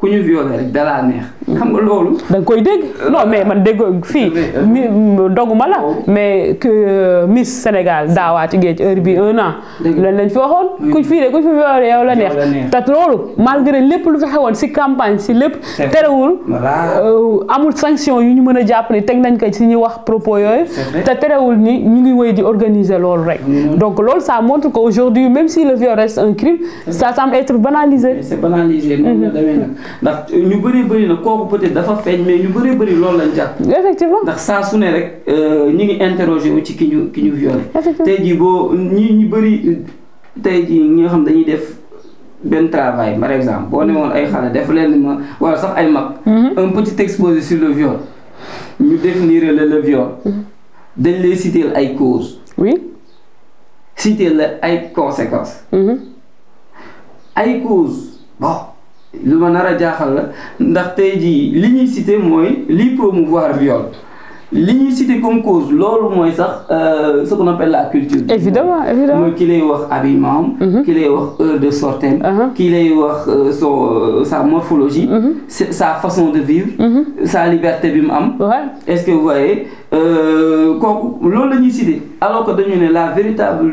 ku ñu violé rek dalaa neex. xam nga lolu dang koy deg non mais man deg fii. Euh, mi mm, doguma la. mais que euh, Miss Sénégal daawaati géej heure bi un an. lan lañ fi waxoon. ku fi de ku fi violé yow la neex. te lolu malgré lepp lu fi xewoon ci campagne ci lepp téréwul amul sanction yu ñu mëna a jàpp ni teg nañ ko ci ñi wax propos yooyu. te téréwul ni ñu ngi wëy di organiser loolu rek. donc loolu ça montre que aujourd'hui même si le viol reste un crime. ça semble être banalisé. c'est banalisé noonu mhm. la demee nag ndax ñu bëri bëri na kooku peut-être dafa feeñ mais ñu bëri bëri loolu lañ jàpp. effectivement ndax saa su ne rek euh, ñi ngi interroger wu ci ki ñu ki ñu violé. tey jii boo ñi ñu bëri tey jii ñi nga xam dañuy def benn travail par exemple boo newoon ay xale def leen ma wala sax ay mag. Mhm. un petit exposé sur le viol. ñu définir la le viol. Mhm. dañ lay citer ay causes. oui. citer la ay conséquences. Mhm. ay causes bon lu ma nar a dit la ndax tey jii li ñuy cité li promouvoir viol li ñuy comme cause loolu mooy sax euh, ce qu'on appelle la culture. évidemment évidemment mooy ki lay wax habillement. Mhm. ki lay wax heure de sortie. Uh-huh. ki lay wax euh, son euh, sa morphologie. Mhm. sa façon de vivre. Mhm. sa liberté bi mu am. est-ce que vous voyez kooku loolu alors que dañu ne la véritable.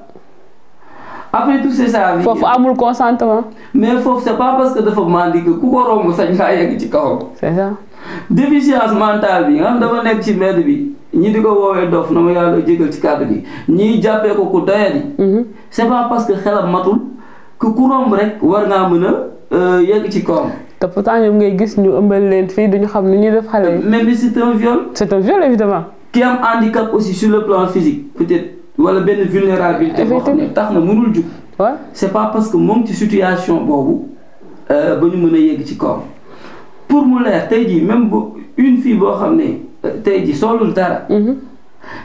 après tout c'est ça. foofu amul consentement. mais foofu c'est pas parce que dafa mandiqué ku ko romb sañ ngaa yegg ci kawam. c'est ça. déficience mentale bi nga xam dafa nekk ci mbedd bi ñi di ko woowee dof na ma yàlla jégal ci cadre gi ñiy jàppee ko ku doyadi. Mhm. c'est pas parce que xelam matul que ku romb rek war ngaa mën a euh, yegg ci kawam. te pourtant ñoom ngay gis ñu ëmbal leen fii duñu xam ni ñuy def xale yi. mais c'est un viol. c'est un viol évidemment. qui am handicap aussi sur le plan physique peut-être wala ben vulnérabilité boo xam ne tax na mënul jug. waaw pas parce que moom ci situation boobu euh, ba ñu mën a yegg ci kawam. pour mu leer tey jii même une fille boo xam ne euh, tey jii solul dara. Mm-hmm.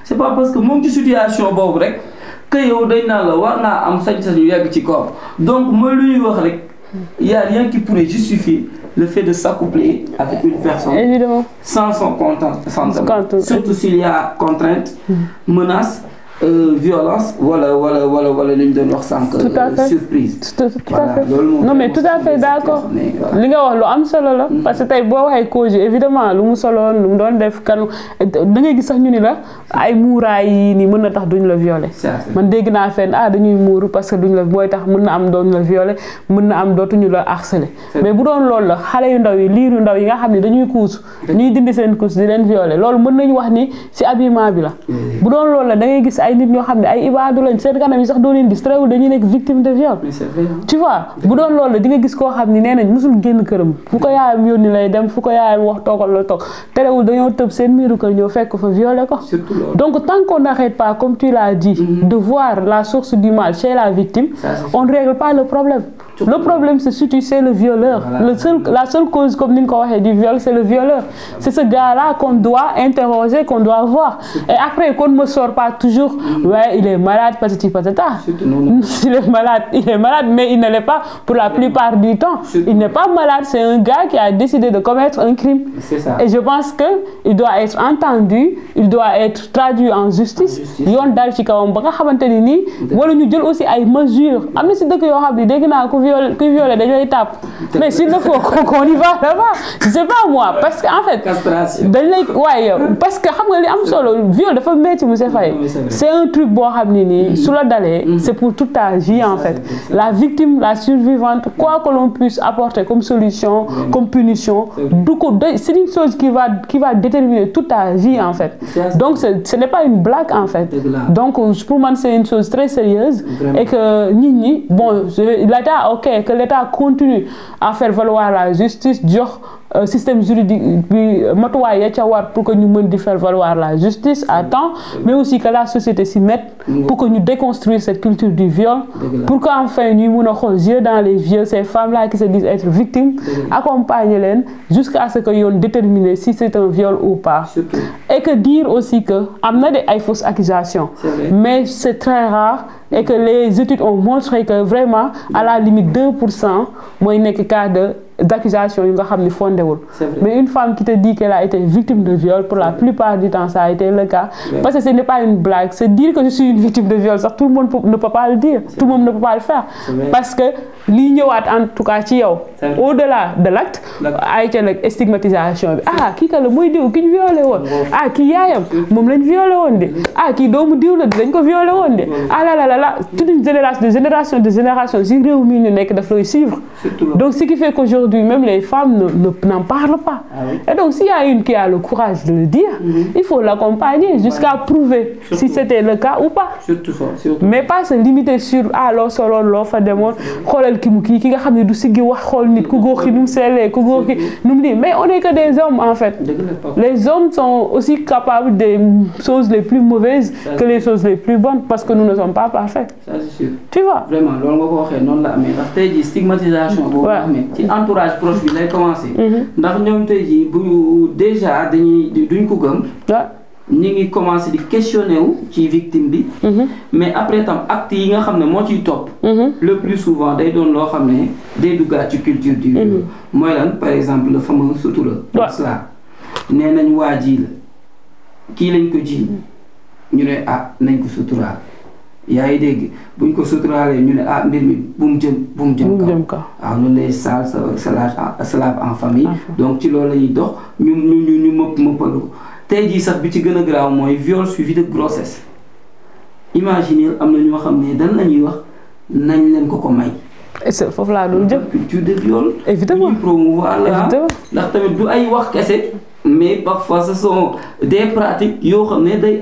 C'est pas parce que moom ci situation boobu rek que yow dañ naa la war naa am sañ-sañu yegg ci kawam donc mooy lu ñuy wax rek. y a rien qui pourrait justifier le fait de s'accoupler avec une personne Évidemment. sans son consentement. surtout s'il y a contrainte, mm-hmm. menace euh, violence voilà voilà voilà voilà l'une wax tout euh, fait surprise. non mais tout à fait d'accord mais li nga wax mm-hmm. parce que les beau évidemment lu mu lu mu def da là ni la ay violer. man dégg à fenn ah parce que la tax mon am violer mon la mais bu la yu ndaw yi ndaw yi nga xam dañuy ñuy ni ay nit ñoo xam ay ibaadu lañ seen kanam yi sax doo leen gis teewul dañuy nekk victime de viol hein. tu vois bu doon loolu di nga gis ko xamni ne nee nañ mosul génn këram fu ko yaayam yónni lay dem fu ko yaayam wax togal la tok. teewul dañu teub seen miru kër ñoo fekk fa violé ko donc tant qu'on n'arrête pas comme tu l'as dit mm-hmm. de voir la source du mal chez la victime on ne règle pas le problème le problème se situe c'est le violeur le seul, la seule cause comme du viol c'est le violeur c'est ce gars là qu'on doit interroger qu'on doit voir et après qu'on ne me sort pas toujours mm. ouais il est malade patati patata (laughs) il est malade il est malade mais il ne l'est pas pour la plupart du temps il n'est pas malade c'est un gars qui a décidé de commettre un crime et je pense que il doit être entendu il doit être traduit en justice il dal viole, qui viole lay mais s'il le faut qu'on y va là-bas pas moi parce qu'en fait. parce que xam viol dafa c'est un truc bon à sous la mm-hmm. c'est pour toute ta vie en fait la victime la survivante quoi que l'on puisse apporter comme solution mm-hmm. comme punition c'est une chose qui va qui va déterminer toute ta vie en fait donc ce n'est pas une blague en fait donc pour moi c'est une chose très sérieuse et que nini bon il a ok que l'État continue à faire valoir la justice Dieu. Euh, système juridique puis pour que nous puissions faire valoir la justice à temps mais aussi que la société s'y mette pour que nous déconstruire cette culture du viol pour qu'enfin nous ñuy mun yeux dans les vieux, ces femmes là qui se disent être victimes accompagner les jusqu'à ce que déterminent si c'est un viol ou pas et que dire aussi que amener des fausses accusations mais c'est très rare et que les études ont montré que vraiment à la limite 2 moins cent cas de d'accusation yi nga xam fondé mais une femme qui te dit qu'elle a été victime de viol pour la plupart du temps ça a été le cas parce que ce n'est pas une blague c'est dire que je suis une victime de viol ça, tout le monde ne peut pas le dire tout le monde ne peut pas le faire parce que li en tout cas ci au-delà de l'acte a été une stigmatisation ah kii ka la mooy diw ki ñu violé woon ah kii yaayam moom lañ violé woon de ah qui doomu diw la dañ ko violé woon de ah la la la la toute une génération de génération de génération si réew mii ñu nekk daf lay suivre donc ce qui fait qu'aujourd'hui même les femmes n'en ne, parlent pas. Ah Et donc, s'il y a une qui a le courage de le dire, mhm. il faut l'accompagner jusqu'à prouver si c'était le cas ou pas. Mais pas se limiter sur alors, selon l'offre de moi, mhm. mhm. mais on n'est que des hommes en fait. Les hommes sont aussi capables des choses les plus mauvaises que les choses les plus bonnes parce que nous ne sommes pas parfaits. Tu vois Vraiment, entourage proche bi lay commencé. Mhm. ndax ñom tay jii bu déjà dañuy duñ ko gëm. ñi ngi commencé di questionner wu ci victime bi. Mhm. mais après tam acte yi nga xamné mo ciy mhm. le plus souvent day doon lo xamné des du duggaat ci culture du viol. lan par exemple le fameux sutura. waaw cela nee nañ waa la ki lañ ko jil ñu né ah nañ ko suturaal y deg buñ ko ñu ne ah mbir mi bu jëm bu jëm en famille donc ci loolu dox ñu ñu ñu ñu mëpp mëppalu sax bi ci gëna a moy viol suivi de grossesse imaginer am na ñoo Ils ne wax nañ leen ko ko may fofu la do jëm de viol évidemment ndax tamit du ay wax kessé mais parfois ce sont des pratiques yo day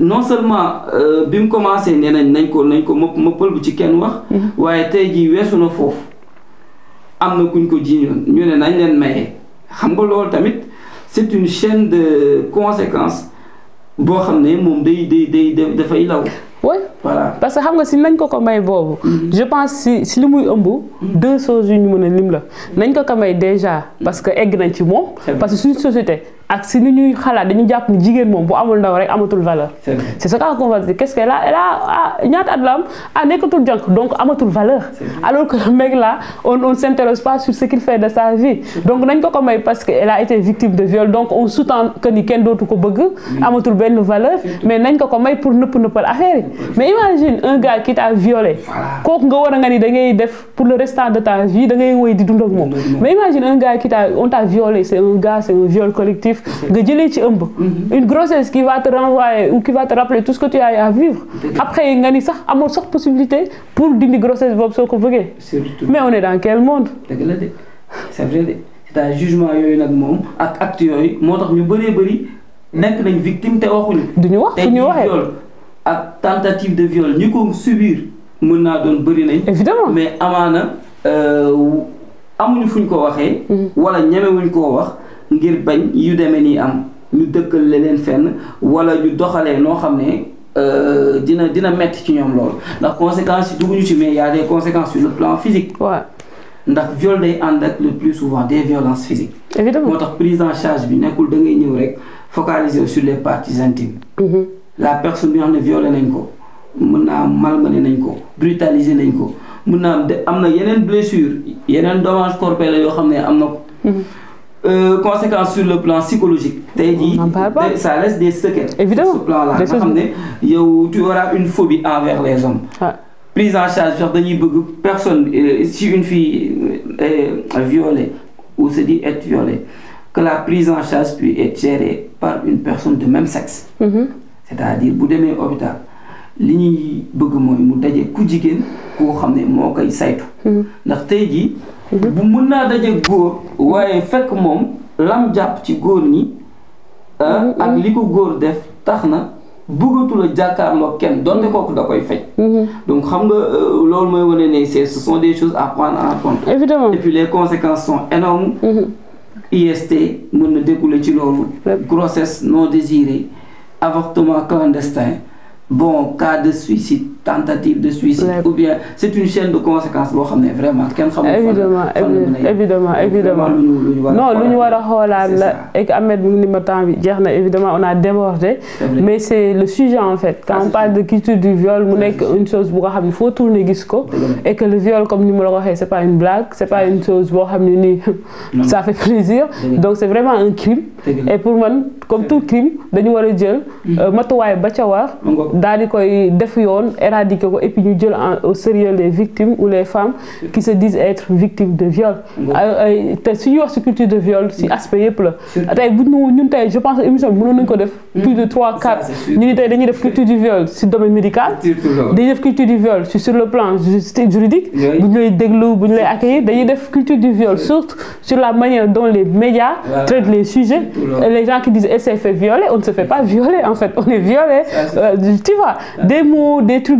non seulement euh, bim mu commencé nenañ nañ ko nañ ko mëppal bu ci kenn wax mm-hmm. waye tay ji weesu na foofu am kuñ ko jiiñoon ñu né nañ len mayé xam nga loolu tamit c'est une chaîne de conséquences bo xamné mom moom day day da fay law oui voilà parce que xam nga si nañ ko ko may bobu mm-hmm. je pense si si li muy mm-hmm. deux choses yu ñu mëna lim la nañ ko ko may déjà parce que egg nañ ci moom parce que suñu société ak si nous, ñuy xalaat dañu jàpp ni jigéen moom bu amul ndaw rek amatul valeur c'est ce qu'on va dire qu'est-ce qu'elle là Elle a ah, a at la am ah donc amatul valeur alors que le mec là on on s'intéresse pas sur ce qu'il fait de sa vie donc on ko ko parce qu'elle a été victime de viol donc on sous-tend que ni kenn dootu ko bëgg amatul benn valeur mais nañ ko ko may pour ne pas affaire mais imagine un gars qui t'a violé kooku nga nga ni da pour le restant de ta vie da ngay en di dund ak faire. mais imagine un gars qui t'a on t'a violé c'est un gars c'est un viol collectif bref nga jëlee ci ëmb mhm. une grossesse qui va te renvoyer ou qui va te rappeler tout ce que tu as à vivre après nga ni sax amoo sax possibilité pour dindi grossesse boobu soo mais on est dans quel monde c'est vrai c'est un jugement yooyu nag moom ak acte yooyu moo tax ñu bëree bëri nañ victime te waxuñu duñu wax fu ñu tentative de viol nous ko subir mën doon bëri nañ évidemment mais euh, amuñu fuñ ko waxee mhm. wala ñemewuñ ko wax ngir bañ yu demee nii am ñu dëkkal leen fenn wala ñu doxalé noo xamné euh dina dina metti ci ñom lool ndax conséquences yi dugguñu ci mais y a des conséquences sur le plan physique. waaw ndax viol day ànd ak le plus souvent des violences physiques. évidemment motax prise en charge bi nekul da ngay ñëw rek focaliser sur les parties intimes. Mm-hmm. la personne bi nga violé nañ ko mën naa malmené nañ ko brutaliser nañ ko mën naa am na yeneen blessure yeneen dommage corporel yoo xam ne am na ko. Mm-hmm. Euh, conséquence conséquences sur le plan psychologique. ça laisse des secrets évidemment sur plan là tu auras une phobie envers les hommes. prise en charge euh, si une fille euh, est violée ou se dit être violée que la prise en charge puisse être gérée par une personne de même sexe. Mm-hmm. c'est-à-dire vous devez hôpital li ñi bëgg mooy mu daje ku jigéen koo xam ne mm-hmm bu mun dajé daje góor waaye fekk moom lam jàpp ci góor ñi ah, mhm, mhm. ak liko ko def taxna na bëggatul a jàkkaarloo kenn donte kooku dakoy fecc mhm. donc xam nga euh, lool moy woné né c'est ce sont des choses à prendre en compte évidemment et puis les conséquences sont énormes IST mën na découler ci loolu grossesse non désirée avortement clandestin bon cas de suicide tentative de suicide ou bien c'est une chaîne de conséquences bo xamné vraiment évidemment évidemment évidemment non lu wara xolal la Ahmed ni ma évidemment on a débordé mais c'est le sujet en fait quand ah, on parle de culture du viol mu nek une chose bo xamné faut tourner gis et que le viol comme ni mo la c'est pas une blague c'est pas une chose pour xamné (laughs) ça fait plaisir donc c'est vraiment un crime et pour moi, comme tout crime dañu wara a jël mm. euh, ba ca war dal di koy et puis nous disons au sérieux les victimes ou les femmes qui se disent être victimes de viol Si vous avez ñuy culture de viol si mm. aspect yëpp je pense que nous avons mm. plus de 3-4 nous avons des culture du viol le domaine médical avons def culture du viol sur le plan juridique nous avons des déglu culture du viol surtout sur la manière dont les médias traitent les sujets les gens qui disent et eh, c'est fait violer on ne se fait pas violer en fait on est violé euh, tu vois des mots des trucs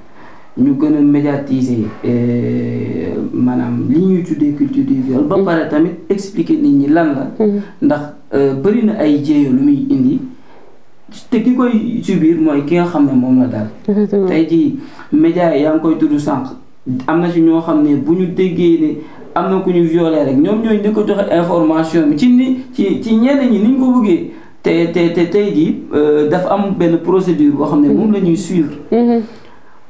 ñu gën a médiatiser euh, maanaam li ñuy tuddee culture du viol ba mm-hmm. pare tamit expliquer nit ñi lan la mm-hmm. ndax euh, bëri na ay jéeyo lu muy indi te ki koy subir mooy ki nga xam ne moom la daal tey jii média yi yaa ngi koy tudd sànq am na ci ñoo xam ne bu ñu déggee ne am na ku ñu violé rek ñoom ñooy di ko joxe information bi ci ci ci ñenn ñi ni ñu ko buggee te te te tey jii euh, dafa am benn procédure boo xam ne moom la ñuy suivre mm-hmm.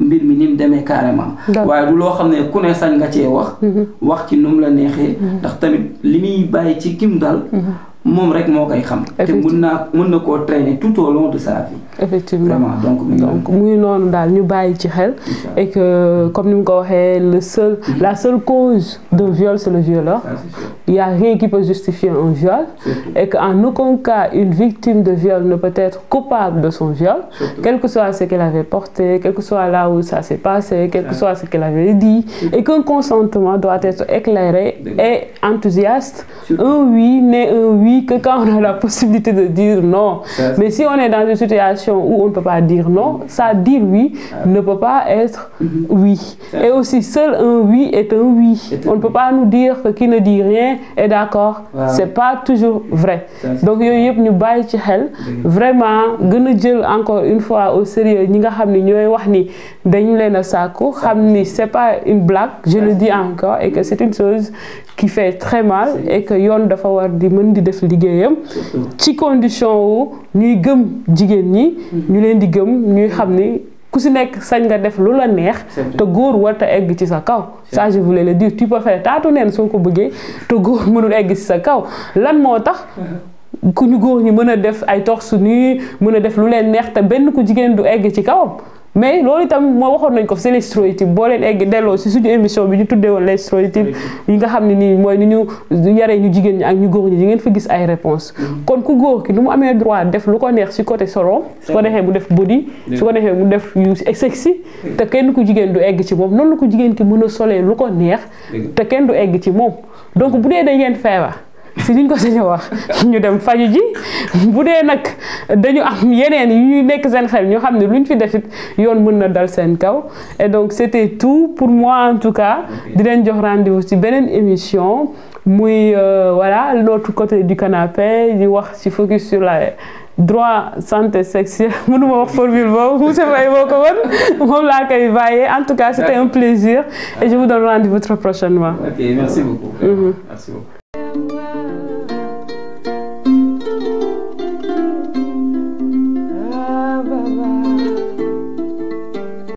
mbir mi ni mu demee carrément waaye du loo xam ne ku ne sañ nga cee wax mm-hmm. wax ci nu la neexee mm-hmm. ndax tamit li muy bàyyi ci kim dal mm-hmm. mon rek xam. traîner tout au long de sa vie. effectivement vraiment donc donc et que comme nous le seul mm-hmm. la seule cause de viol c'est le viol il y a rien qui peut justifier un viol. et que en aucun cas une victime de viol ne peut être coupable de son viol. quel que soit ce qu'elle avait porté quel que soit là où ça s'est passé quel que soit ce qu'elle avait dit. et qu'un consentement doit être éclairé et enthousiaste. un oui n'est un oui que quand on a la possibilité de dire non. Mais si on est dans une situation où on ne peut pas dire non, ça dire oui ah. ne peut pas être mhm. oui. Et aussi, seul un oui est un oui. On ne peut pas nous dire que qui ne dit rien est d'accord. C'est pas toujours vrai. Donc, il ñu vraiment encore une fois au sérieux ni wax c'est pas une blague je le dis encore et que c'est une chose qui fait très mal et que Yon dafa war di di def choses, ci condition wu ñuy gëm jigen ni mm-hmm. ñu leen di gëm ñuy sañ nga def neex te choses, egg ci sa kaw ça je voulais le dire tu peux faire des nen son ko fait te choses, (laughs) mënul egg ci sa kaw lan ku ñu ñi mëna def ay torse fait mëna def neex te ku mais loolu itam moo waxoon nañ ko c'est les stéréotypes boo leen egg delloo si suñu émission bi ñu tuddee woon les stéréotypes yi nga xam ne nii mooy ni ñu yaree ñu jigéen ñi ak ñu góor ñi di ngeen fa gis ay réponse mm-hmm. kon ku góor ki nu mu amee droit def lu ko neex si côté solo su ko neexee mu def body su ko neexee mu def yu sexy te kenn ku jigéen du egg ci moom noonu la ko jigéen ki mën a solee lu ko neex te kenn du egg ci moom donc bu dee day leen feebar si ñu ko sañu wax ñu dem faju ji bu dee nag dañu am yenen yu ñu nekk seen xel ñu xamni luñ fi defit yoon mën na dal seen kaw et donc c'était tout pour moi en tout cas di leen jox rendez-vous ci benen émission muy euh, voilà l'autre côté du canapé di wax ci focus sur la droit santé sexuelle (laughs) mënuma wax formule boobu (laughs) Moussa Faye moo ko woon moom laa koy bàyyee en tout cas c'était un plaisir et je vous donne rendez-vous très prochainement ok merci beaucoup mm-hmm. merci beaucoup